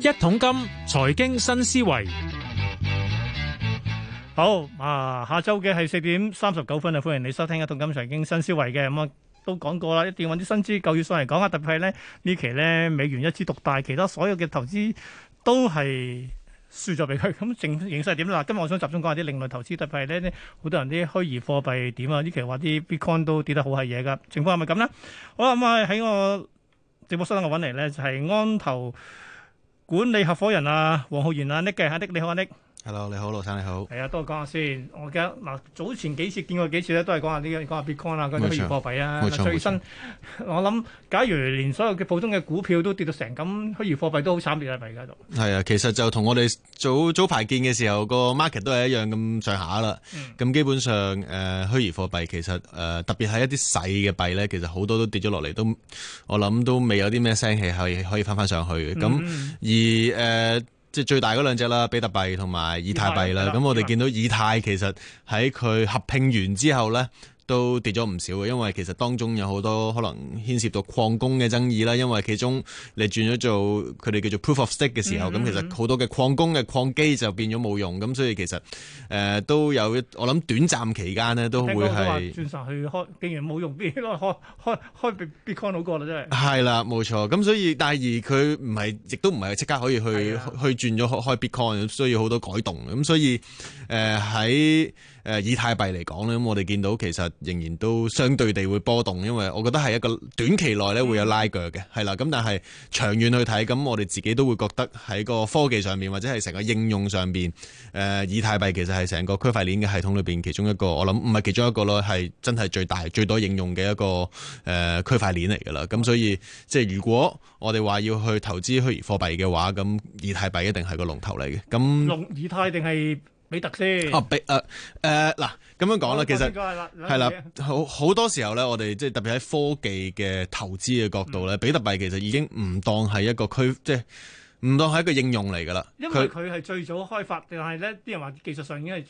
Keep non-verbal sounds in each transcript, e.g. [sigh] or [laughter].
一桶金財經新思維，好啊！下周嘅係四點三十九分啊，歡迎你收聽一桶金財經新思維嘅，咁啊，都講過啦，一定要揾啲新資、舊要上嚟講下，特別係呢呢期呢美元一枝獨大，其他所有嘅投資都係輸咗俾佢。咁正形勢係點啦？今日我想集中講下啲另類投資，特別係呢啲好多人啲虛擬貨幣點啊！呢期話啲 Bitcoin 都跌得好係嘢噶，情況係咪咁呢？好啦，咁啊喺我直播室等我揾嚟咧，就係安投管理合夥人啊，王浩然啊，Nick 嘅，嚇，Nick，你好啊，Nick。Hello，你好，盧生，你好。係啊，多講下先。我記得嗱，早前幾次見過幾次咧，都係講下呢個講下 Bitcoin 啊，嗰啲虛擬貨幣啊。冇錯，最新，冇錯，我諗，假如連所有嘅普通嘅股票都跌到成咁，虛擬貨幣都好慘跌啊，咪而家都。係啊，其實就同我哋早早排見嘅時候個 market 都係一樣咁上下啦。咁、嗯、基本上誒、呃，虛擬貨幣其實誒、呃，特別係一啲細嘅幣咧，其實好多都跌咗落嚟，都我諗都未有啲咩聲氣，係可以翻翻上去嘅。咁、嗯、而誒。呃呃即係最大嗰兩隻啦，比特幣同埋以太幣啦。咁我哋見到以太其實喺佢合併完之後呢。都跌咗唔少嘅，因為其實當中有好多可能牽涉到礦工嘅爭議啦，因為其中你轉咗做佢哋叫做 proof of stake 嘅時候，咁其實好多嘅礦工嘅礦機就變咗冇用，咁所以其實誒都有，我諗短暫期間呢都會係。轉晒去竟然冇用 b bitcoin 好過啦，真係。係啦，冇錯。咁所以，但係佢唔係，亦都唔係即刻可以去去轉咗開 bitcoin，需要好多改動，咁所以誒喺。誒以太幣嚟講咧，咁我哋見到其實仍然都相對地會波動，因為我覺得係一個短期內咧會有拉腳嘅，係啦。咁但係長遠去睇，咁我哋自己都會覺得喺個科技上面，或者係成個應用上邊，誒以太幣其實係成個區塊鏈嘅系統裏邊其中一個，我諗唔係其中一個咯，係真係最大最多應用嘅一個誒區塊鏈嚟㗎啦。咁所以即係如果我哋話要去投資虛擬貨幣嘅話，咁以太幣一定係個龍頭嚟嘅。咁以太定係？比特先啊，比誒誒嗱，咁、呃啊、樣講啦，其實係啦，好好多時候咧，我哋即係特別喺科技嘅投資嘅角度咧，嗯、比特幣其實已經唔當係一個區，即係唔當係一個應用嚟噶啦。因為佢係最早開發，定係咧啲人話技術上已經係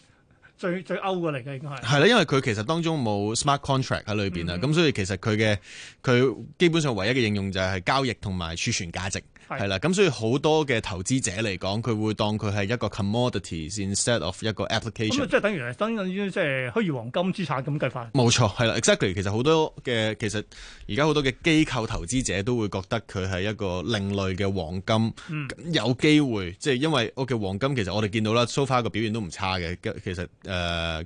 最最歐嘅嚟嘅，應該係係啦，因為佢其實當中冇 smart contract 喺裏邊啊，咁、嗯、所以其實佢嘅佢基本上唯一嘅應用就係交易同埋儲存價值。係啦，咁所以好多嘅投資者嚟講，佢會當佢係一個 commodity, instead of 一個 application。即係等於係即係虛擬黃金資產咁計法。冇錯，係啦，exactly 其。其實好多嘅其實而家好多嘅機構投資者都會覺得佢係一個另類嘅黃金，嗯、有機會即係因為我嘅黃金其實我哋見到啦，so far 個表現都唔差嘅。其實誒。呃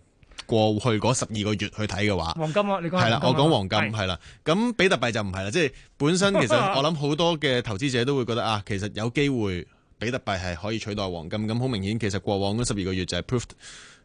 過去嗰十二個月去睇嘅話，黃金啊，你講係、啊、啦，我講黃金係啦，咁比特幣就唔係啦，即係本身其實我諗好多嘅投資者都會覺得啊，其實有機會比特幣係可以取代黃金，咁好明顯其實過往嗰十二個月就係 proof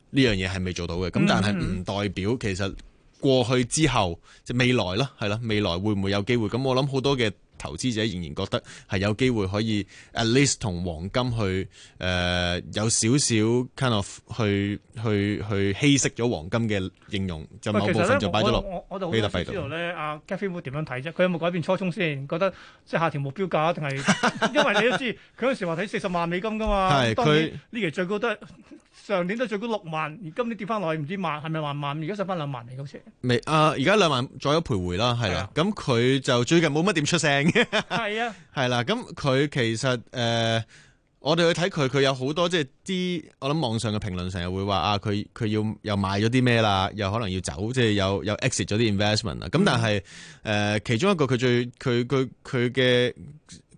呢樣嘢係未做到嘅，咁、嗯、但係唔代表其實過去之後即係未來啦，係啦，未來會唔會有機會？咁我諗好多嘅。投資者仍然覺得係有機會可以 at least 同黃金去誒、呃、有少少 kind of 去去去稀釋咗黃金嘅應用，就某部分就擺咗落我度。呢度。呢阿 Cathy 會點樣睇啫？佢特、啊、有冇改變初衷先？覺得即係下調目標價，定係 [laughs] 因為你都知佢嗰時話睇四十萬美金噶嘛？係佢呢期最高都係。 [laughs] 上年都最高六萬，而今年跌翻落去唔知萬，係咪萬萬？而家收翻兩萬嚟，好似未啊！而家兩萬再有徘徊啦，係啦。咁佢的就最近冇乜點出聲嘅，係的、呃就是、啊，係啦。咁佢其實誒，我哋去睇佢，佢有好多即係啲，我諗網上嘅評論成日會話啊，佢佢要又買咗啲咩啦，又可能要走，即係又有，有 exit 咗啲 investment 啊的。咁但係誒、呃，其中一個佢最佢佢佢嘅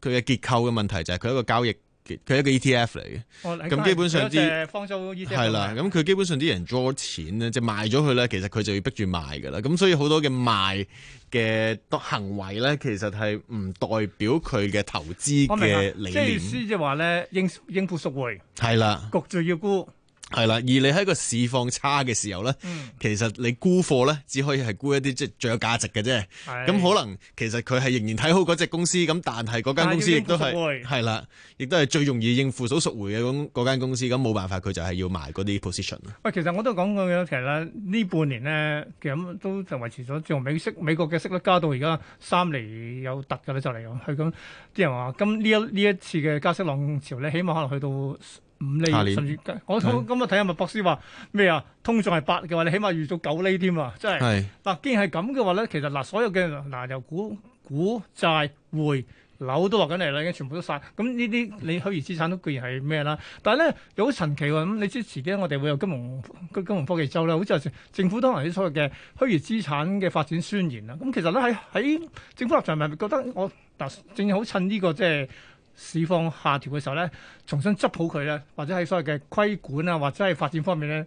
佢嘅結構嘅問題就係佢一個交易。佢係一個 ETF 嚟嘅，咁、哦、基本上啲係啦，咁佢的、嗯、基本上啲、嗯、人 draw 錢咧，嗯、即係賣咗佢咧，其實佢就要逼住賣噶啦，咁所以好多嘅賣嘅行為咧，其實係唔代表佢嘅投資嘅理念。即係書即係話咧，應應付贖回係啦，局就的要沽。係啦，而你喺個市況差嘅時候咧，嗯、其實你沽貨咧，只可以係沽一啲即係最有價值嘅啫。咁的可能其實佢係仍然睇好嗰隻公司，咁但係嗰間公司亦都係係啦，亦都係最容易應付到贖回嘅咁嗰間公司。咁冇辦法，佢就係要賣嗰啲 position 喂，其實我都講過其實咧，呢半年呢，其實都就維持咗，就美息美國嘅息率加到而家三厘有突嘅啦，就嚟講。係咁，啲人話咁呢一呢一次嘅加息浪潮咧，起碼可能去到。五厘，甚至年我今日睇下麥博士話咩啊？通脹係八嘅話，你起碼預到九厘添啊！即係。係是。嗱，既然係咁嘅話咧，其實嗱，所有嘅嗱由股股債匯樓都落緊嚟啦，已經全部都晒。咁呢啲你虛擬資產都固然係咩啦？但係咧又好神奇啊！咁你知遲啲我哋會有金融金融科技周啦，好似係政府都係啲所謂嘅虛擬資產嘅發展宣言啦。咁其實咧喺喺政府立場，係咪覺得我嗱正，正好趁呢、這個即係。市況下調嘅時候咧，重新執好佢咧，或者喺所謂嘅規管啊，或者係發展方面咧，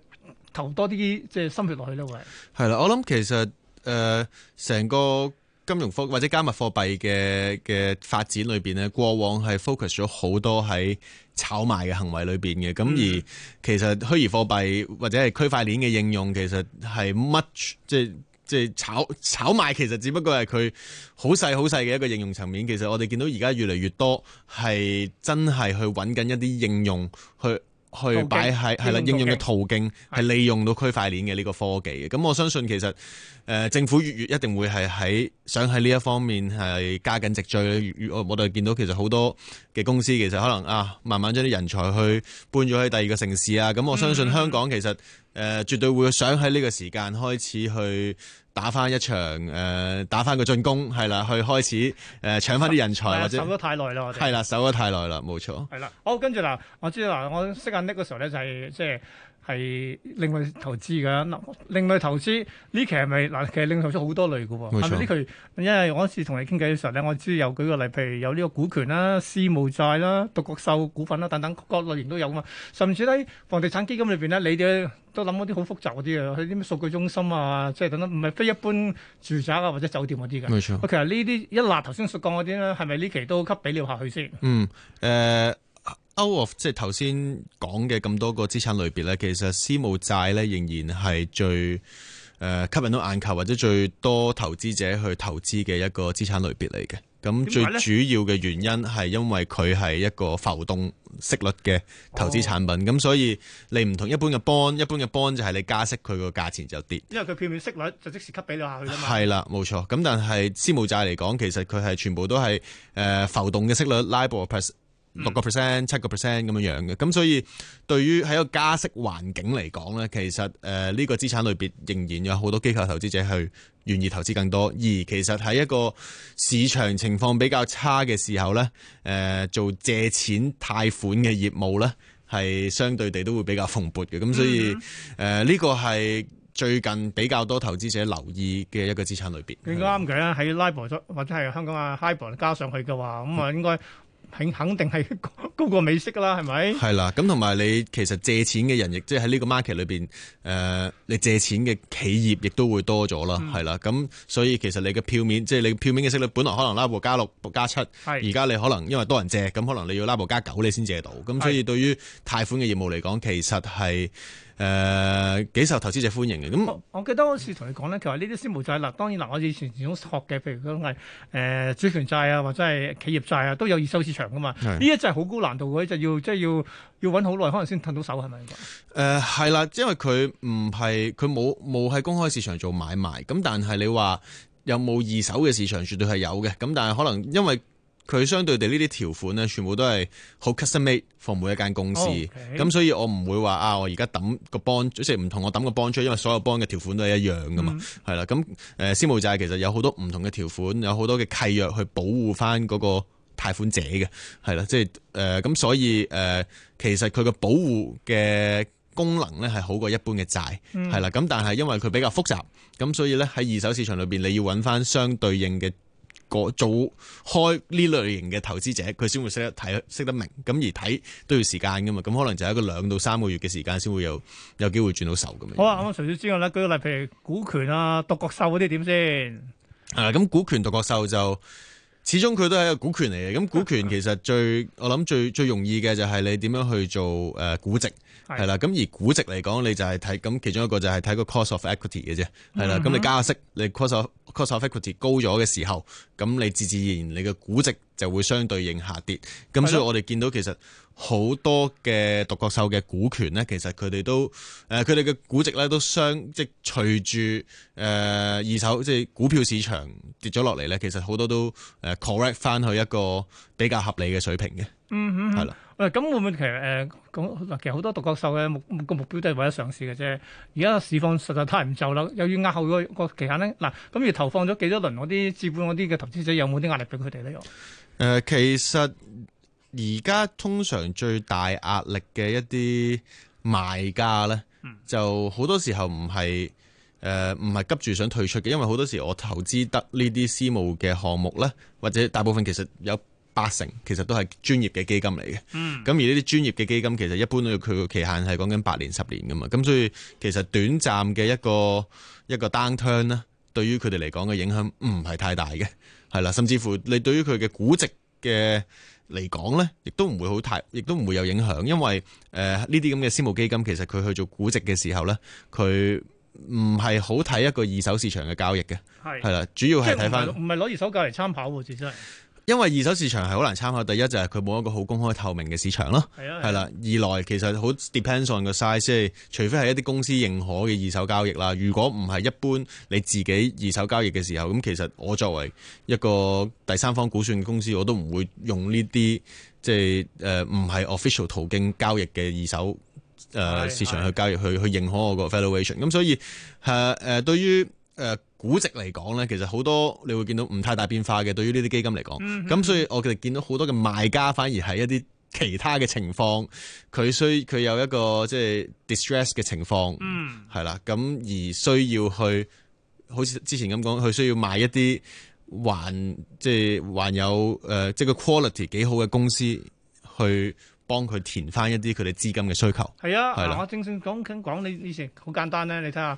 投多啲即係心血落去咧，會係。係啦，我諗其實誒成、呃、個金融貨或者加密貨幣嘅嘅發展裏邊呢，過往係 focus 咗好多喺炒賣嘅行為裏邊嘅，咁、嗯、而其實虛擬貨幣或者係區塊鏈嘅應用，其實係 much 即係。即係炒炒賣，其實只不過係佢好細好細嘅一個應用層面。其實我哋見到而家越嚟越多係真係去揾緊一啲應用去，去去擺喺係啦應用嘅途徑，係利用到區塊鏈嘅呢個科技。咁是的 我相信其實誒、呃、政府越越一定會係喺想喺呢一方面係加緊直追。我我哋見到其實好多嘅公司，其實可能啊慢慢將啲人才去搬咗去第二個城市啊。咁我相信香港其實。嗯嗯誒、呃、絕對會想喺呢個時間開始去打翻一場，誒、呃、打翻個進攻係啦，去開始誒、呃、搶翻啲人才或者守得太耐啦，係啦，守得太耐啦，冇錯。係啦，好，跟住啦，我知道啦，我識緊呢個時候咧就係即係。就是係另外投資嘅，嗱另外投資呢期係咪嗱？其實另外投資好多類嘅喎，係咪呢期？因為我嗰次同你傾偈嘅時候咧，我知有舉個例，譬如有呢個股權啦、私募債啦、獨角獸股份啦等等各類型都有嘅嘛。甚至喺房地產基金裏邊咧，你哋都諗嗰啲好複雜嗰啲啊，嗰啲咩數據中心啊，即係等等，唔係非一般住宅啊或者酒店嗰啲嘅。冇錯。其實呢啲一嗱頭先所講嗰啲咧，係咪呢期都給俾你下去先？嗯，誒、呃。of 即係頭先講嘅咁多個資產類別咧，其實私募債咧仍然係最誒、呃、吸引到眼球或者最多投資者去投資嘅一個資產類別嚟嘅。咁最主要嘅原因係因為佢係一個浮動息率嘅投資產品，咁、哦嗯、所以你唔同一般嘅 bond，一般嘅 bond 就係你加息，佢個價錢就跌。因為佢票面息率就即時吸俾你下去啊嘛。係啦，冇錯。咁但係私募債嚟講，其實佢係全部都係誒浮動嘅息率 LIBOR 六個 percent、七個 percent 咁樣樣嘅，咁所以對於喺一個加息環境嚟講咧，其實誒呢個資產類別仍然有好多機構投資者去願意投資更多。而其實喺一個市場情況比較差嘅時候咧，誒做借錢貸款嘅業務咧係相對地都會比較蓬勃嘅。咁所以誒呢個係最近比較多投資者留意嘅一個資產類別。應該啱嘅啦，喺 LIBOR 或者係香港啊 HIBOR 加上去嘅話，咁啊應該。肯定係高過美息㗎喇，係咪？係啦，咁同埋你其實借錢嘅人亦即係喺呢個 market 裏邊，誒、呃，你借錢嘅企業亦都會多咗啦，係啦、嗯，咁所以其實你嘅票面即係、就是、你票面嘅息率，本來可能拉布加六加七，而家你可能因為多人借，咁可能你要拉布加九你先借到，咁所以對於貸款嘅業務嚟講，其實係。誒，幾、呃、受投資者歡迎嘅咁。我記得我試同你講咧，其實呢啲私募債嗱，當然嗱、啊，我以前始學嘅，譬如講係誒主權債啊，或者係企業債啊，都有二手市場噶嘛。呢是一就係好高難度嘅，就要即係要要揾好耐，可能先揼到手，係咪？誒、呃，係啦，因為佢唔係佢冇冇喺公開市場做買賣咁，但係你話有冇二手嘅市場，絕對係有嘅。咁但係可能因為。佢相對地呢啲條款咧，全部都係好 custom made for 每一間公司，咁 Okay.、嗯、所以我唔會話啊，我而家抌個 bond 即係唔同我抌個 bond 出因為所有 bond 嘅條款都係一樣噶嘛，係啦、嗯。咁誒、呃、私募債其實有好多唔同嘅條款，有好多嘅契約去保護翻嗰個貸款者嘅，係啦，即係誒咁，所以誒、呃、其實佢嘅保護嘅功能咧係好過一般嘅債，係啦、嗯。咁但係因為佢比較複雜，咁所以咧喺二手市場裏邊你要揾翻相對應嘅。個做開呢類型嘅投資者，佢先會識得睇，識得明咁，而睇都要時間噶嘛，咁可能就係一個兩到三個月嘅時間先會有有機會轉到手咁樣。好啊，咁除此之外咧，舉個例譬如股權啊、獨角獸嗰啲點先？誒，咁股權獨角獸就始終佢都係一個股權嚟嘅，咁股權其實最我諗最最容易嘅就係你點樣去做誒估值。係啦，咁而估值嚟講，你就係睇，咁其中一個就係睇個 cost of equity 嘅啫。係啦、嗯哼，咁你加個息，你 cost of cost of equity 高咗嘅時候，咁你自自然你嘅估值就會相對應下跌。咁所以我哋見到其實好多嘅獨角獸嘅股權咧，其實佢哋都誒，佢哋嘅估值咧都相即隨住誒二手即係股票市場跌咗落嚟咧，其實好多都誒 correct 翻去一個比較合理嘅水平嘅。嗯嗯，係啦。喂，咁會唔會其實誒咁嗱？其實好多獨角獸嘅目個目標都係為咗上市嘅啫。而家市況實在太唔就啦，又要押後個期限咧。嗱，咁而投放咗幾多輪嗰啲資本嗰啲嘅投資者有冇啲壓力俾佢哋咧？誒、呃，其實而家通常最大壓力嘅一啲賣家咧，嗯、就好多時候唔係誒唔係急住想退出嘅，因為好多時候我投資得呢啲私募嘅項目咧，或者大部分其實有。八成其實都係專業嘅基金嚟嘅，咁、嗯、而呢啲專業嘅基金其實一般都要佢個期限係講緊八年十年噶嘛，咁所以其實短暫嘅一個一個 downturn 呢，對於佢哋嚟講嘅影響唔係太大嘅，係啦，甚至乎你對於佢嘅估值嘅嚟講呢，亦都唔會好太，亦都唔會有影響，因為誒呢啲咁嘅私募基金其實佢去做估值嘅時候呢，佢唔係好睇一個二手市場嘅交易嘅，係啦的，主要係睇翻唔係攞二手價嚟參考喎，其實。因為二手市場係好難參考，第一就係佢冇一個好公開透明嘅市場咯，係啦的。的二來其實好 depends on 個 size，除非係一啲公司認可嘅二手交易啦。如果唔係一般你自己二手交易嘅時候，咁其實我作為一個第三方估算公司，我都唔會用呢啲即係誒唔係 official 途徑交易嘅二手誒市場去交易，去去認可我個 valuation。咁所以誒誒，對於估值嚟講咧，其實好多你會見到唔太大變化嘅。對於呢啲基金嚟講，咁、嗯、哼所以我哋見到好多嘅賣家反而係一啲其他嘅情況，佢需佢有一個即係 distress 嘅情況，係啦、嗯。咁而需要去好似之前咁講，佢需要買一啲還即係還有誒、呃，即係個 quality 幾好嘅公司去幫佢填翻一啲佢哋資金嘅需求。係、嗯、的啊，我正正講緊講呢呢事，好簡單咧，你睇下。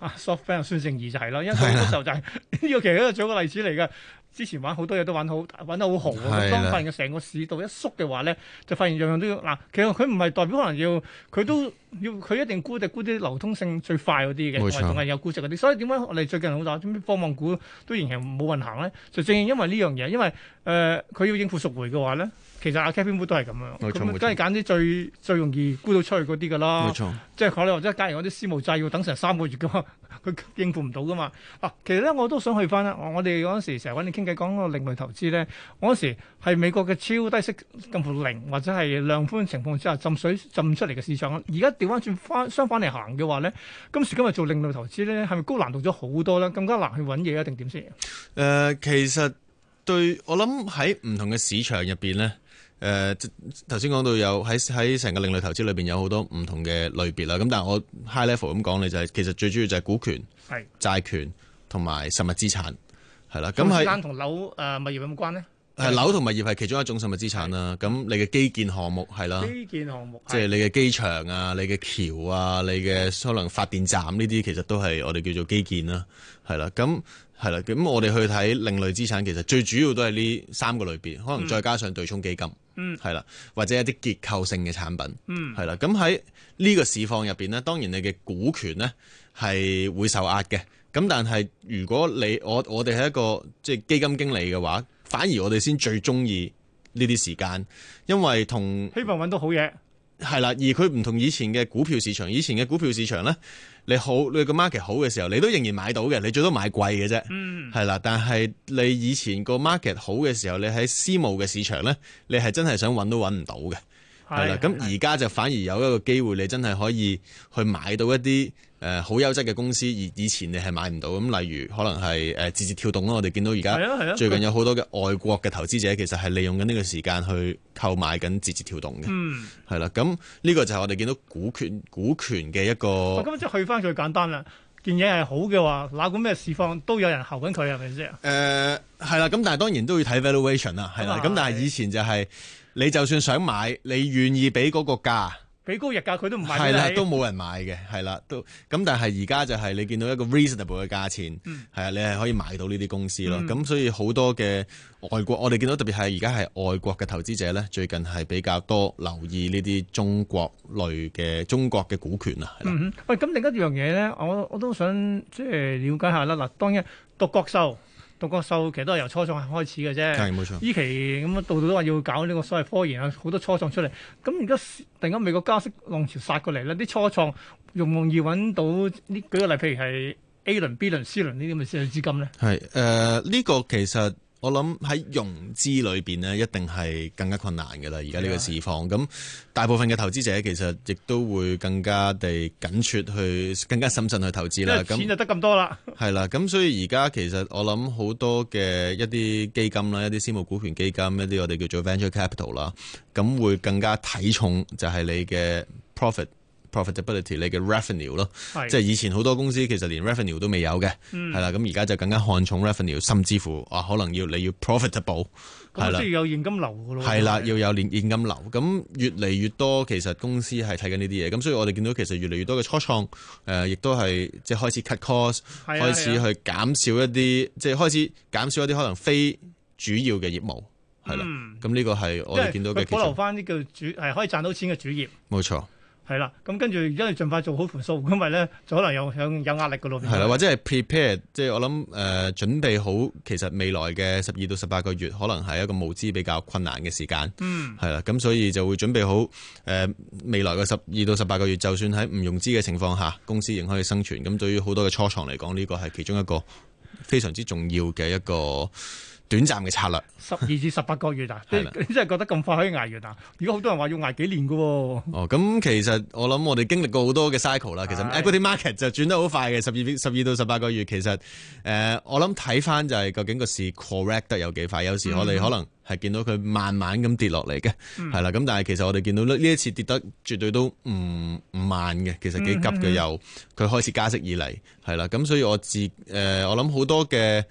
啊，SoftBank 孫正義就係咯，因為嗰時候就係呢個其實一個最好例子嚟嘅。之前玩好多嘢都玩好，玩得好豪。的當發現嘅成個市道一縮嘅話咧，就發現樣樣都要嗱、啊。其實佢唔係代表可能要，佢都要佢一定估啲估啲流通性最快嗰啲嘅，仲係錯有估值嗰啲。所以點解我哋最近好打啲科網股都仍然冇運行咧？就正因為呢樣嘢，因為誒佢、呃、要應付贖回嘅話咧。其實阿 Captain 都係咁樣，咁梗係揀啲最錯最容易沽到出去嗰啲㗎啦。冇錯，即係可能或者假如我啲私募債要等成三個月嘅嘛，佢 [laughs] 應付唔到㗎嘛。啊，其實咧我都想去翻啦。我哋嗰陣時成日揾你傾偈講個另類投資咧，我嗰時係美國嘅超低息、近乎零或者係量寬情況之下浸水浸出嚟嘅市場。而家調翻轉翻相反嚟行嘅話咧，今時今日做另類投資咧係咪高難度咗好多咧？更加難去揾嘢啊？定點先？誒、呃，其實對我諗喺唔同嘅市場入邊咧。誒，頭先講到有喺喺成個另類投資裏邊有好多唔同嘅類別啦，咁但係我 high level 咁講你就係、係、其實最主要就係股權、係債係權同埋實物資產係啦。咁係間同樓誒物業有冇關咧？係樓同物業係其中一種實物資產啦。咁係你嘅基建項目係啦，基建項目即係你嘅機場啊、你嘅橋啊、你嘅可能發電站呢啲，其實都係我哋叫做基建啦、啊，係啦。咁係啦，咁我哋去睇另類資產，其實最主要都係呢三個類別，可能再加上對沖基金。嗯嗯，係啦，或者一啲結構性嘅產品，嗯，係啦。咁喺呢個市況入邊呢，當然你嘅股權呢係會受壓嘅。咁但係如果你我我哋係一個即係基金經理嘅話，反而我哋先最鍾意呢啲時間，因為同希望搵到好嘢，係啦。 [music] 而佢唔同以前嘅股票市場，以前嘅股票市場呢。你好，你個 market 好嘅時候，你都仍然買到嘅，你最多買貴嘅啫，係啦、嗯。但係你以前個 market 好嘅時候，你喺私募嘅市場呢，你係真係想揾都揾唔到嘅，係啦。咁而家就反而有一個機會，你真係可以去買到一啲。誒，好優質嘅公司，以以前你係買唔到，咁、呃、例如可能係誒，字、呃、節跳動啦。我哋見到而家最近有好多嘅外國嘅投資者，其實係利用緊呢個時間去購買緊字節跳動嘅，係啦、嗯，咁呢、嗯這個就係我哋見到股權股權嘅一個。咁即係去翻最簡單啦，件嘢係好嘅話，嗱，管咩市況都有人睺緊佢，係咪先？誒、呃，係啦，咁但係當然都要睇 valuation 啦，係啦，咁但係以前就係、是、你就算想買，你願意俾嗰個價。俾高日價佢都唔的是買，係啦，都冇人買嘅，係啦，都咁。但係而家就係你見到一個 reasonable 嘅價錢，係啊、嗯，你係可以買到呢啲公司咯。咁、嗯、所以好多嘅外國，我哋見到特別係而家係外國嘅投資者咧，最近係比較多留意呢啲中國類嘅中國嘅股權啊。嗯哼，喂、哎，咁另一樣嘢咧，我我都想即係、呃、了解下啦。嗱，當然獨角獸。獨角獸其實都係由初創開始嘅啫，係冇錯。依期咁啊、嗯，到度都話要搞呢個所謂科研啊，好多初創出嚟。咁而家突然間美國加息浪潮殺過嚟咧，啲初創容唔容易揾到呢？舉個例，譬如係 A 輪、B 輪、C 輪呢啲咁嘅私有資金咧。係誒，呢、呃呢個其實。我諗喺融資裏邊咧，一定係更加困難嘅啦。而家呢個市況，咁的大部分嘅投資者其實亦都會更加地緊絀去，更加審慎去投資啦。咁的那錢就得咁多啦，係 [laughs] 啦。咁所以而家其實我諗好多嘅一啲基金啦，一啲私募股權基金，一啲我哋叫做 venture capital 啦，咁會更加睇重就係你嘅 profit。profitability 你嘅 revenue 咯，即係以前好多公司其實連 revenue 都未有嘅，係啦，咁而家就更加看重 revenue，甚至乎啊可能要你要 profitable，係啦，要有現金流，係啦，要有現金流，咁越嚟越多其實公司係睇緊呢啲嘢，咁所以我哋見到其實越嚟越多嘅初創誒，亦都係即係開始 cut cost，開始去減少一啲即係開始減少一啲可能非主要嘅業務，係啦，咁呢個係我哋見到嘅保留翻啲叫主係可以賺到錢嘅主業，冇錯。係啦，咁跟住而家係盡快做好盤數，咁咪咧就可能有有有壓力噶咯。係啦，或者係 prepare，即係我諗誒、呃、準備好，其實未來嘅十二到十八個月，可能係一個募資比較困難嘅時間。嗯，係啦，咁所以就會準備好誒、呃、未來嘅十二到十八個月，就算喺唔融資嘅情況下，公司仍可以生存。咁對於好多嘅初創嚟講，呢、呢個係其中一個非常之重要嘅一個短暫嘅策略，十二至十八個月啊， [laughs] 的你真係覺得咁快可以挨完啊？如果好多人話要挨幾年嘅喎。哦，咁其實我諗我哋經歷過好多嘅 cycle 啦。的其實 equity market 就轉得好快嘅，十二十二到十八個月，其實誒、呃，我諗睇翻就係究竟個市 correct 得有幾快？有時我哋可能係見到佢慢慢咁跌落嚟嘅，係啦、嗯。咁但係其實我哋見到呢呢一次跌得絕對都唔唔慢嘅，其實幾急嘅又，佢、嗯、開始加息以嚟係啦。咁所以我自誒、呃、我諗好多嘅。嗯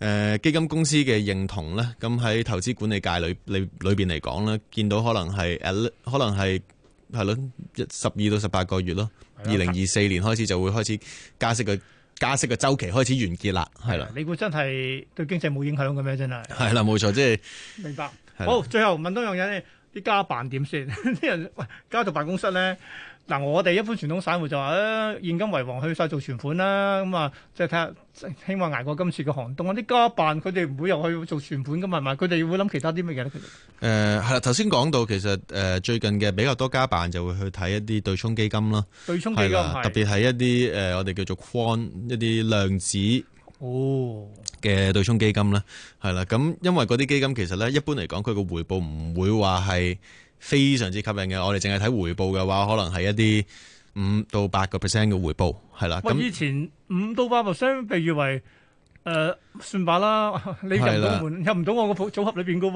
誒，基金公司嘅認同咧，咁喺投資管理界裏裏裏邊嚟講咧，見到可能係誒，可能係係咯，一十二到十八個月咯，二零二四年開始就會開始加息嘅加息嘅週期開始完結啦，係啦。你估真係對經濟冇影響嘅咩？真係係啦，冇錯，即係、就是、明白。好，的最後問多樣嘢咧，啲家辦點先，啲人喂家同辦公室咧。嗱，我哋一般傳統散戶就話，誒現金為王，去曬做存款啦。咁啊，即係睇下，希望捱過今次嘅寒冬。啲家辦佢哋唔會又去做存款噶嘛，係咪，佢哋會諗其他啲乜嘢咧？佢哋誒係啦，頭先講到其實誒最近嘅比較多家辦就會去睇一啲對沖基金啦，對沖基金特別係一啲誒我哋叫做 Quant 一啲量子嘅對沖基金咧，係啦。咁因為嗰啲基金其實咧一般嚟講，佢個回報唔會話係非常之吸引嘅，我哋淨係睇回報嘅話，可能係一啲五到八個 percent 嘅回報，係啦。咁以前五到八個 percent 被以為誒、呃、算罷啦，你入唔到門，入唔到我個的組合裏邊噶。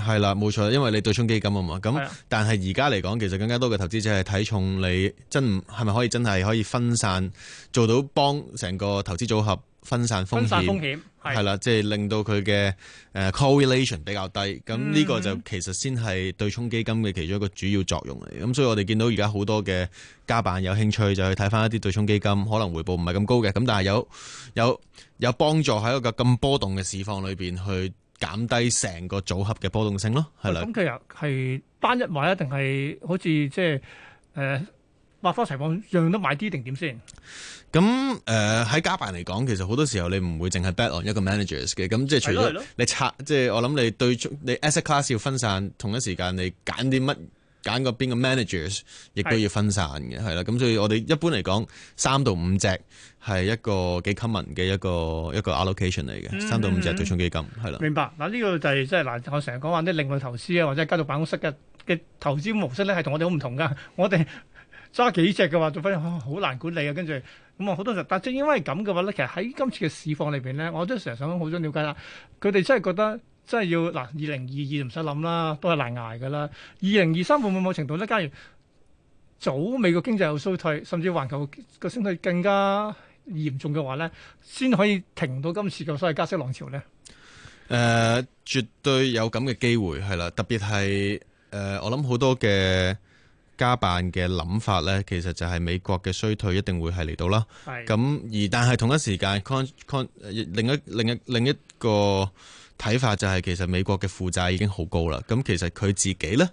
係啦，冇錯，因為你對沖基金啊嘛。咁的但係而家嚟講，其實更加多嘅投資者係睇重你真係咪可以真係可以分散，做到幫成個投資組合。分散風險，係啦，即係的令到佢嘅誒 correlation 比較低，咁呢、嗯、個就其實先係對沖基金嘅其中一個主要作用嚟。咁所以我哋見到而家好多嘅嘉賓有興趣就去睇返一啲對沖基金，可能回報唔係咁高嘅，咁但係有有有幫助喺一個咁波動嘅市況裏邊去減低成個組合嘅波動性咯，係啦。咁其實係單一買一定係好似即係誒，呃百花齊放，樣樣都買啲定點先？咁誒喺家辦嚟講，其實好多時候你唔會淨係 bet on 一個 managers 嘅，咁即係除咗你拆，即係我諗你對你 asset class 要分散，同一時間你揀啲乜，揀個邊個 managers 亦都要分散嘅，係啦的。咁所以我哋一般嚟講，三到五隻係一個幾 common 嘅一個一個 allocation 嚟嘅，三到五隻對沖基金係啦。嗯嗯、的明白嗱？呢、啊呢個就係即係嗱我成日講話啲另類投資啊，或者係家族辦公室嘅嘅投資模式咧，係同我哋好唔同噶。我哋 [laughs] 揸幾隻嘅話，就反而好難管理啊！跟住，咁啊好多時候，但正因為咁嘅話咧，其實喺今次嘅市況裏邊咧，我都成日想好想了解啦。佢哋真係覺得真係要嗱，二零二二唔使諗啦，都係難捱噶啦。二零二三會唔會某程度咧，假如早美國經濟有衰退，甚至環球個衰退更加嚴重嘅話咧，先可以停到今次嘅所謂加息浪潮咧？誒、呃，絕對有咁嘅機會係啦，特別係誒、呃，我諗好多嘅。加辦嘅諗法呢，其實就係美國嘅衰退一定會係嚟到啦。咁是的 而但係同一時間，另一另一另一個睇法就係、是、其實美國嘅負債已經好高啦。咁其實佢自己呢，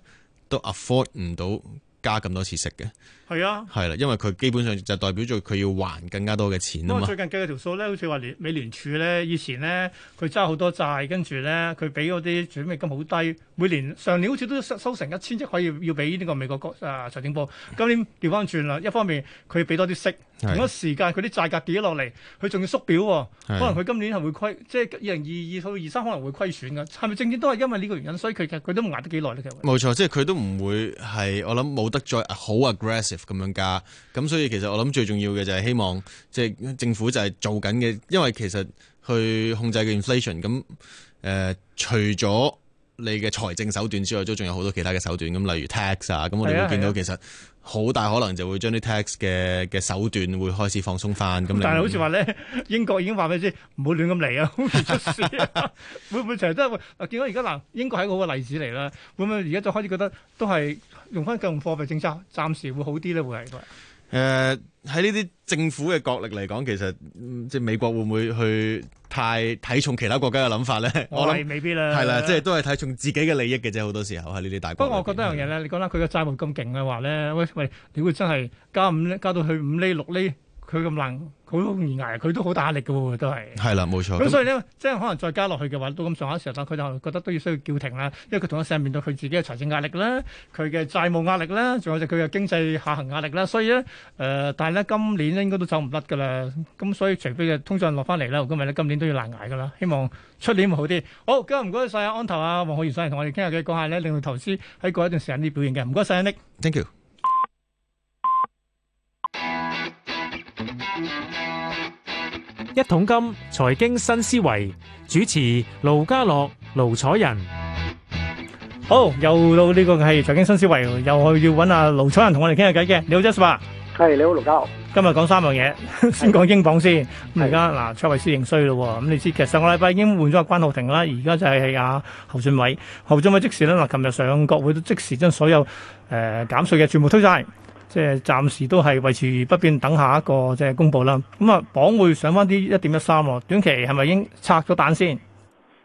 都 afford 唔到加咁多次息嘅。係啊，係啦，因為佢基本上就代表咗佢要還更加多嘅錢啊嘛。不過最近計嘅條數咧，好似話聯美聯儲咧，以前咧佢揸好多債，跟住咧佢俾嗰啲準備金好低。每年上年好似都收成一千億可以要俾呢個美國國啊財政部。今年調翻轉啦，一方面佢俾多啲息，同一時間佢啲債價跌落嚟，佢仲要縮表喎。可能佢今年係會虧，即係二零二二到二三可能會虧損㗎。係咪正經都係因為呢個原因，所以佢其實佢都唔捱得幾耐其實。冇錯，即係佢都唔會係我諗冇得再好 aggressive。咁樣加，咁所以其實我諗最重要嘅就係希望，即係政府就係做緊嘅，因為其實去控制嘅 inflation，咁誒、呃、除咗你嘅財政手段之外，都仲有好多其他嘅手段。咁例如 tax 啊，咁我哋會見到其實好大可能就會將啲 tax 嘅嘅手段會開始放鬆翻。咁但係好似話咧， [laughs] 英國已經話俾你知，唔好亂咁嚟啊，好易出事啊。 [laughs] 會唔會成日都見到而家嗱，英國係一個好嘅例子嚟啦。會唔會而家就開始覺得都係用翻舊用貨幣政策，暫時會好啲咧，會係。誒。Uh, 喺呢啲政府嘅角力嚟講，其實即係美國會唔會去太睇重其他國家嘅諗法咧？我諗未必啦，係啦，即係都係睇重自己嘅利益嘅啫。好多時候喺呢啲大國。不過，我覺得樣嘢咧，你講得佢嘅債務咁勁嘅話咧，喂喂，你會真係加五加到去五厘、六厘。佢咁難，佢好易捱，佢都好大壓力嘅喎，都係。係啦，冇錯。咁所以咧，即係可能再加落去嘅話，都咁上下嘅時候，佢就覺得都要需要叫停啦。因為佢同一時間面對佢自己嘅財政壓力啦，佢嘅債務壓力啦，仲有就佢嘅經濟下行壓力啦。所以咧，誒、呃，但係咧今年咧應該都走唔甩㗎啦。咁所以除非嘅通脹落翻嚟啦，今日咧今年都要難捱㗎啦。希望出年會好啲。好，今日唔該晒阿安投啊王浩然上嚟同我哋傾下。佢講下咧，令到投資喺過一段時間啲表現嘅。唔該曬，Nick。Thank you. 一桶金財經新思維，主持盧家樂、盧楚仁。好，又到呢個係財經新思維，又去要揾阿盧楚仁同我哋傾下偈嘅。你好，Just 爸。係你好，盧家樂。今日講三樣嘢，先講英鎊先。而家嗱，卓慧思認衰啦。咁你知，其實上個禮拜已經換咗阿關浩庭啦，而家就係阿侯俊偉。侯俊偉即時咧，嗱，琴日上國會都即時將所有誒減稅嘅全部推晒。即係暫時都係維持不變，等下一個即係公佈啦。咁啊，鎊會上翻啲一點一三喎。短期係咪已拆咗彈先？誒、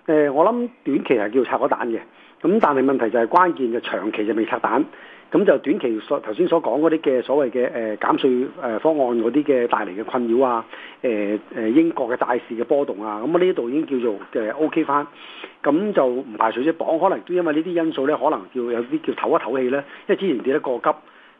呃，我諗短期係叫拆咗彈嘅。咁但係問題就係關鍵就長期就未拆彈。咁就短期所頭先所講嗰啲嘅所謂嘅誒、呃、減稅誒方案嗰啲嘅帶嚟嘅困擾啊，誒、呃、誒英國嘅大市嘅波動啊，咁呢度已經叫做嘅、呃、OK 翻。咁就唔排除啫，鎊可能都因為呢啲因素咧，可能叫有啲叫唞一唞氣咧，因為之前跌得過急。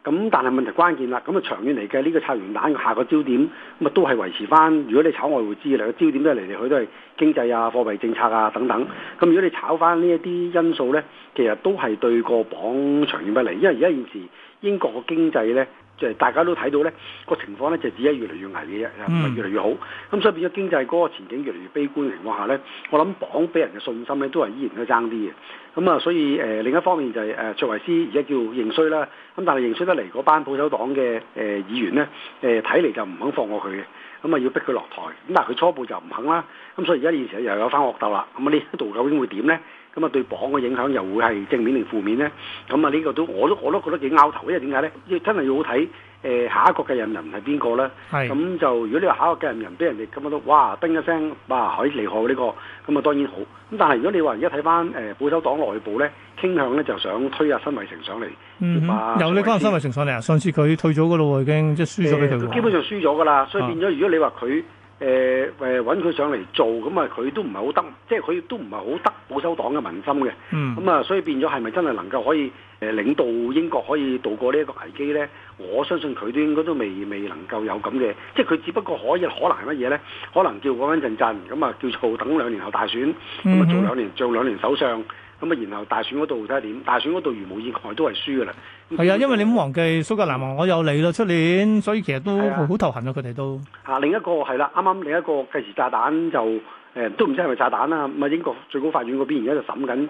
咁但係問題關鍵啦，咁啊長遠嚟計呢個拆完蛋，下個焦點咁啊都係維持翻。如果你炒外匯資㗎，個焦點都係嚟嚟去都係經濟啊、貨幣政策啊等等。咁如果你炒翻呢一啲因素咧，其實都係對個榜長遠不利。因為而家現時英國嘅經濟咧，就係大家都睇到咧個情況咧，就只係越嚟越危嘅啫，唔係越嚟越好。咁所以變咗經濟嗰個前景越嚟越悲觀嘅情況下咧，我諗榜俾人嘅信心咧，都係依然都爭啲嘅。咁啊、嗯，所以誒、呃、另一方面就係、是、誒、呃、卓維斯而家叫認衰啦，咁、嗯、但係認衰得嚟嗰班保守黨嘅誒議員咧，誒睇嚟就唔肯放過佢嘅，咁、嗯、啊要逼佢落台，咁但係佢初步就唔肯啦，咁、嗯、所以而家現時又有翻惡鬥啦，咁啊呢一度究竟會點咧？咁、嗯、啊對鎊嘅影響又會係正面定負面咧？咁啊呢個都我都我都覺得幾拗頭，因為點解咧？要真係要好睇。誒下一個嘅繼任人係邊個咧？咁是就如果你話下一個嘅繼任人俾人哋咁我都，哇！叮一聲，哇！哎、好厲害呢個，咁啊當然好。咁但係如果你話而家睇翻誒保守黨內部咧，傾向咧就想推下新維城上嚟。嗯哼。來有冇翻新維城上嚟啊？上次佢退咗嘅咯喎，已經即係輸咗喺、呃、基本上輸咗嘅啦，所以變咗如果你話佢。啊誒誒揾佢上嚟做，咁啊佢都唔係好得，即係佢都唔係好得保守黨嘅民心嘅。嗯，咁啊，所以變咗係咪真係能夠可以誒領導英國可以度過呢一個危機咧？我相信佢都應該都未未能夠有咁嘅，即係佢只不過可以可能係乜嘢咧？可能叫講緊陣陣，咁啊叫做等兩年後大選，咁啊、嗯、哼做兩年做兩年首相。咁啊，然後大選嗰度睇下點，大選嗰度如無意外都係輸噶啦。係啊，因為你唔忘記蘇格蘭話我有嚟咯出年，所以其實都好頭痕啊，佢哋的都。啊，另一個係啦，啱啱另一個計時炸彈就誒、欸，都唔知係咪炸彈啦。咁啊，英國最高法院嗰邊而家就審緊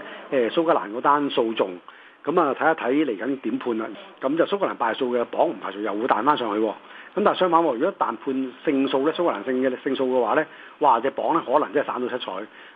誒蘇格蘭嗰單訴訟。咁啊，睇一睇嚟緊點判啦。咁就蘇格蘭敗訴嘅榜，唔排除又會彈翻上去。咁但係相反喎，如果一旦判勝訴咧，蘇格蘭勝嘅勝訴嘅話咧，哇！隻榜咧可能真係散到七彩。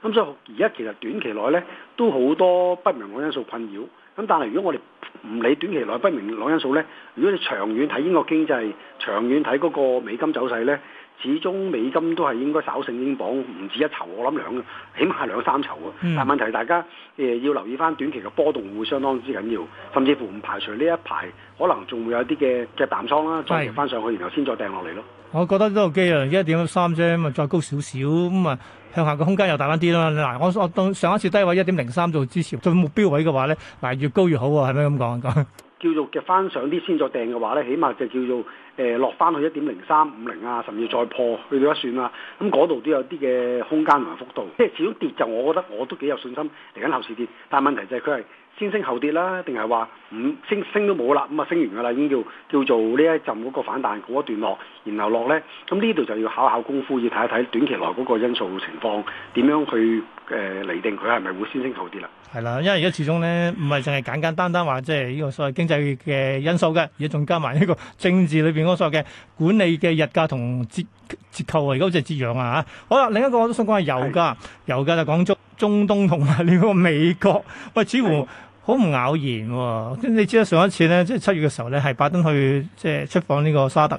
咁所以而家其實短期內咧都好多不明朗因素困擾。咁但係如果我哋唔理短期內不明朗因素咧，如果你長遠睇英國經濟，長遠睇嗰個美金走勢咧。始終美金都係應該稍勝英鎊，唔止一籌，我諗兩，起碼係兩三籌啊！嗯、但問題係大家誒、呃、要留意翻短期嘅波動會相當之緊要，甚至乎唔排除呢一排可能仲會有啲嘅嘅淡倉啦，再逆翻上去，然後先再掟落嚟咯。我覺得呢度機啊，一點三啫，咁啊再高少少咁啊向下個空間又大翻啲啦。嗱，我我當上一次低位一點零三做支持，做目標位嘅話咧，嗱，越高越好喎，係咪咁講啊？ [laughs] 叫做夾翻上啲先再掟嘅話咧，起碼就叫做。誒、呃、落翻去, 50，去一點零三五零啊，甚至再破去到一算啦，咁嗰度都有啲嘅空間同埋幅度，即係始終跌就我覺得我都幾有信心嚟緊後市跌，但係問題就係佢係。先升後跌啦，定係話唔升升都冇啦，咁啊升完㗎啦，已經叫叫做呢一陣嗰個反彈嗰一段落，然後落咧，咁呢度就要考考功夫，要睇一睇短期內嗰個因素情況點樣去誒釐、呃、定佢係咪會先升後跌啦？係啦，因為而家始終咧唔係淨係簡簡單單話即係呢個所謂經濟嘅因素嘅，而家仲加埋呢個政治裏邊嗰個所謂嘅管理嘅日價同折折扣節啊，而家好似係折讓啊嚇。好啦，另一個我都想講係油價，的油價就講足。中東同埋呢個美國，喂，似乎好唔咬弦喎、啊。你知得上一次咧，即係七月嘅時候咧，係拜登去即係出訪呢個沙特，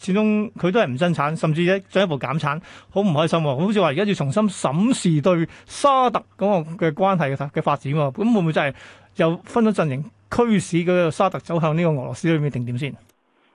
始終佢都係唔生產，甚至一進一步減產，好唔開心喎、啊。好似話而家要重新審視對沙特嗰個嘅關係嘅發展喎、啊。咁會唔會真係又分咗陣營，驅使嗰個沙特走向呢個俄羅斯裏面定點先？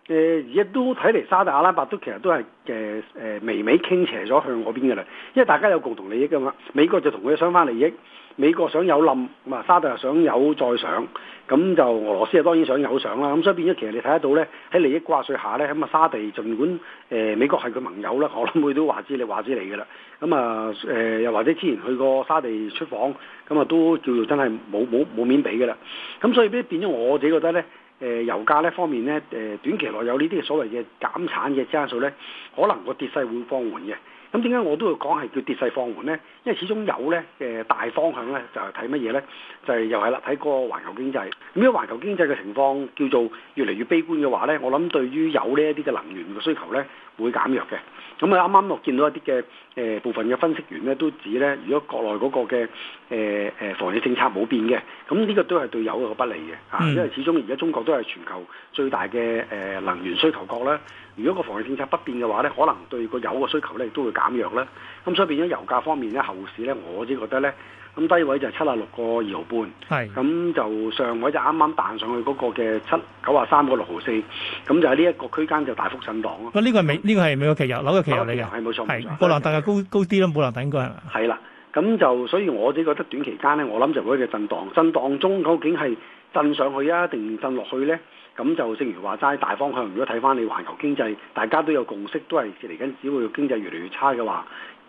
誒而家都睇嚟沙特阿拉伯都其實都係誒誒微微傾斜咗向嗰邊嘅啦，因為大家有共同利益㗎嘛，美國就同佢想翻利益，美國想有冧，唔啊沙特又想有再上，咁就俄羅斯啊當然想有上啦，咁所以變咗其實你睇得到咧，喺利益掛帥下咧，咁啊沙地儘管誒美國係佢盟友啦，我諗佢都話知你話知你嘅啦，咁啊誒又或者之前去過沙地出訪，咁啊都叫做真係冇冇冇面畀嘅啦，咁所以咧變咗我自己覺得咧。誒油價呢方面呢，誒短期內有呢啲所謂嘅減產嘅因素呢，可能個跌勢會放緩嘅。咁點解我都會講係叫跌勢放緩呢？因為始終有呢誒、呃、大方向呢，就係睇乜嘢呢？就係、是、又係啦，睇嗰個環球經濟。咁如果環球經濟嘅情況叫做越嚟越悲觀嘅話呢，我諗對於有呢一啲嘅能源嘅需求呢，會減弱嘅，咁啊，啱啱我見到一啲嘅，誒、呃、部分嘅分析員咧都指咧，如果國內嗰個嘅，誒、呃、誒防疫政策冇變嘅，咁呢個都係對油個不利嘅，啊，因為始終而家中國都係全球最大嘅誒、呃、能源需求國啦。如果個防疫政策不變嘅話咧，可能對個油個需求咧都會減弱啦。咁所以變咗油價方面咧後市咧，我自己覺得咧。咁低位就七啊六個二毫半，咁就上位就啱啱彈上去嗰個嘅七九啊三個六毫四，咁就喺呢一個區間就大幅震盪咯。呢個係美呢、呢個係美國期油、紐約期油嚟嘅，係冇錯。係布蘭特係高是高啲咯，布蘭特應該係。係啦，咁就所以我哋覺得短期間咧，我諗就會一個震盪，震盪中究竟係震上去啊，定震落去咧？咁就正如話齋，大方向如果睇翻你環球經濟，大家都有共識，都係嚟緊，只會經濟越嚟越差嘅話。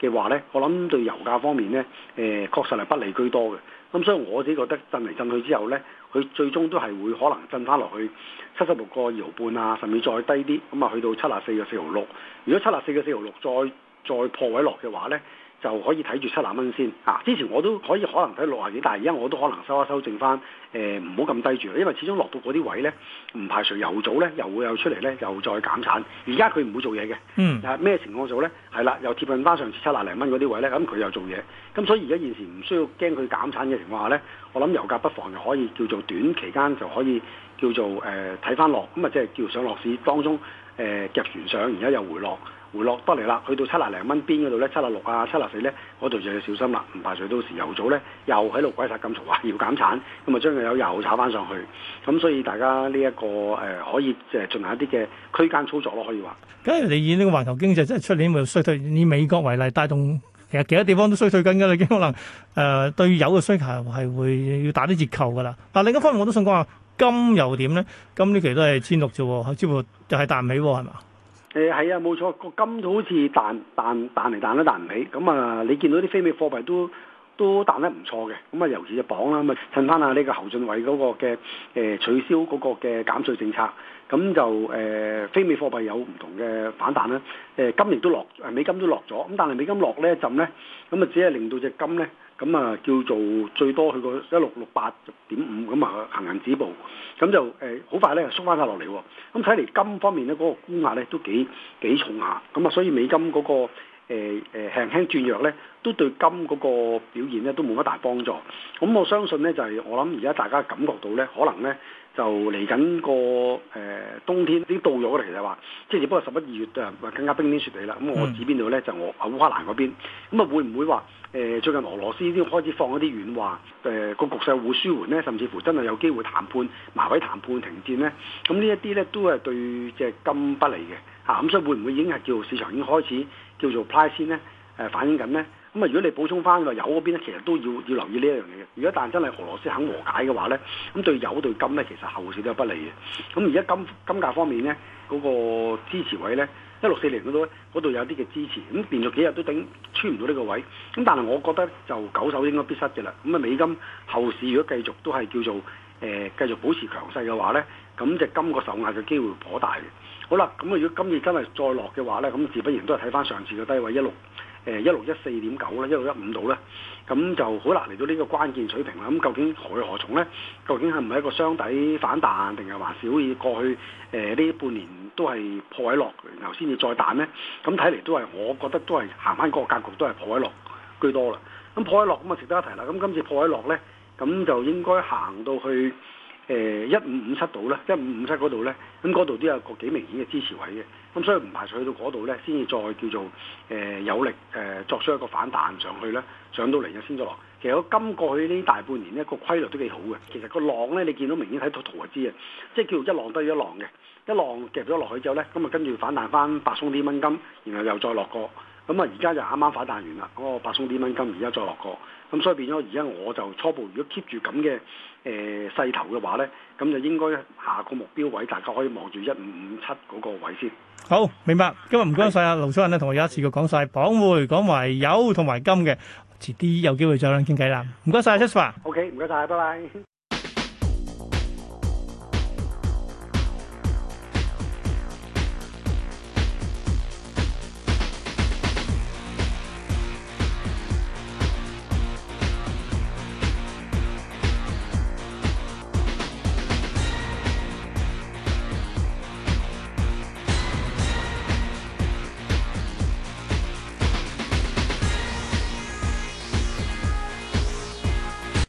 嘅話呢，我諗對油價方面呢，誒、呃、確實係不利居多嘅。咁、嗯、所以我自己覺得震嚟震去之後呢，佢最終都係會可能震翻落去七十六個二毫半啊，甚至再低啲，咁啊去到七十四個四毫六。如果七十四個四毫六再再破位落嘅話呢，就可以睇住七十蚊先啊。之前我都可以可能睇六十幾，但係而家我都可能收一收，剩翻。誒唔好咁低住，因為始終落到嗰啲位咧，唔排除油早咧又會有出嚟咧，又再減產。而家佢唔會做嘢嘅、嗯，嗯，啊咩情況做咧？係啦，又貼近翻上次七廿零蚊嗰啲位咧，咁佢又做嘢。咁所以而家現時唔需要驚佢減產嘅情況下咧，我諗油價不妨就可以叫做短期間就可以叫做誒睇翻落，咁啊即係叫上落市當中誒、呃、夾完上，而家又回落。回落多嚟啦，去到七廿零蚊邊嗰度咧，七廿六啊、七廿四咧，嗰度就要小心啦。唔排除到時油早咧又喺度鬼殺咁嘈啊，要減產，咁啊將佢個油又炒翻上去。咁所以大家呢、這、一個誒、呃、可以即係、呃、進行一啲嘅區間操作咯，可以話。咁你以呢個環球經濟即係出年會衰退，以美國為例帶動，其實其他地方都衰退緊㗎啦，可能誒、呃、對油嘅需求係會要打啲折扣㗎啦。但另一方面我都想講下，金又點咧？金呢期都係千六啫喎，似乎就係彈唔起喎，係嘛？誒係、嗯、啊，冇錯，個金好似彈彈彈嚟彈都彈唔起，咁、嗯、啊，你見到啲非美貨幣都都彈得唔錯嘅，咁、嗯、啊，尤其是隻鎊啦，咁、嗯、啊，趁翻下呢個侯俊偉嗰個嘅誒、呃、取消嗰個嘅減稅政策，咁、嗯、就誒、呃、非美貨幣有唔同嘅反彈啦，誒、呃、金亦都落，誒美金都落咗，咁、嗯、但係美金落呢一陣咧，咁啊只係令到隻金咧。咁啊，叫做最多去個一六六八點五，咁啊行行止步，咁就誒好快咧縮翻曬落嚟喎。咁睇嚟金方面咧，嗰個沽壓咧都幾幾重下，咁啊所以美金嗰、嗰個。誒誒輕輕轉弱咧，都對金嗰個表現咧都冇乜大幫助。咁我相信咧，就係、是、我諗而家大家感覺到咧，可能咧就嚟緊個誒、呃、冬天已經到咗啦。其實話，即係不過十一二月誒更加冰天雪地啦。咁我指邊度咧？就我阿烏克蘭嗰邊。咁啊會唔會話誒、呃、最近俄羅斯已經開始放一啲軟話？誒、呃、個局勢會舒緩咧，甚至乎真係有機會談判、埋位談判、停戰咧？咁呢一啲咧都係對隻金不利嘅啊！咁所以會唔會已經係叫市場已經開始？叫做 price 先咧，誒、呃、反映緊咧，咁啊如果你補充翻話油嗰邊咧，其實都要要留意呢一樣嘢嘅。如果但真係俄羅斯肯和解嘅話咧，咁對油對金咧，其實後市都有不利嘅。咁而家金金價方面咧，嗰、那個支持位咧，一六四零嗰度度有啲嘅支持。咁連續幾日都頂穿唔到呢個位，咁但係我覺得就九手應該必失嘅啦。咁啊美金後市如果繼續都係叫做誒繼、呃、續保持強勢嘅話咧，咁隻金個受壓嘅機會頗大嘅。好啦，咁啊，如果今次真係再落嘅話呢，咁自不然都係睇翻上次嘅低位一六，誒一六一四點九啦，一六一五度咧，咁就好難嚟到呢個關鍵水平啦，咁究竟何去何從呢？究竟係唔係一個箱底反彈，定係還小要過去誒呢、呃、半年都係破位落，然後先至再彈呢？咁睇嚟都係，我覺得都係行翻嗰個格局都係破位落居多啦。咁破位落咁啊，就值得一提啦。咁今次破位落呢，咁就應該行到去。誒一五五七度咧，一五五七嗰度咧，咁嗰度都有個幾明顯嘅支持位嘅，咁所以唔排除去到嗰度咧，先至再叫做誒、呃、有力誒、呃、作出一個反彈上去咧，上到嚟嘅先再落。其實我今過去呢大半年呢，個規律都幾好嘅。其實個浪咧，你見到明顯睇到圖就知啊，即係叫一浪低一浪嘅，一浪夾咗落去之後咧，咁啊，跟住反彈翻白鬆啲蚊金，然後又再落過。咁啊，而家就啱啱反彈完啦，嗰個百鬆啲蚊金，而家再落過，咁所以變咗，而家我就初步如果 keep 住咁嘅誒勢頭嘅話咧，咁就應該下個目標位，大家可以望住一五五七嗰個位先。好，明白。今日唔該晒啊，盧楚仁咧，同我有一次過講晒，鎊匯講埋油同埋金嘅，遲啲有機會再兩傾偈啦。唔該晒啊 Christopher O K，唔該晒，拜拜。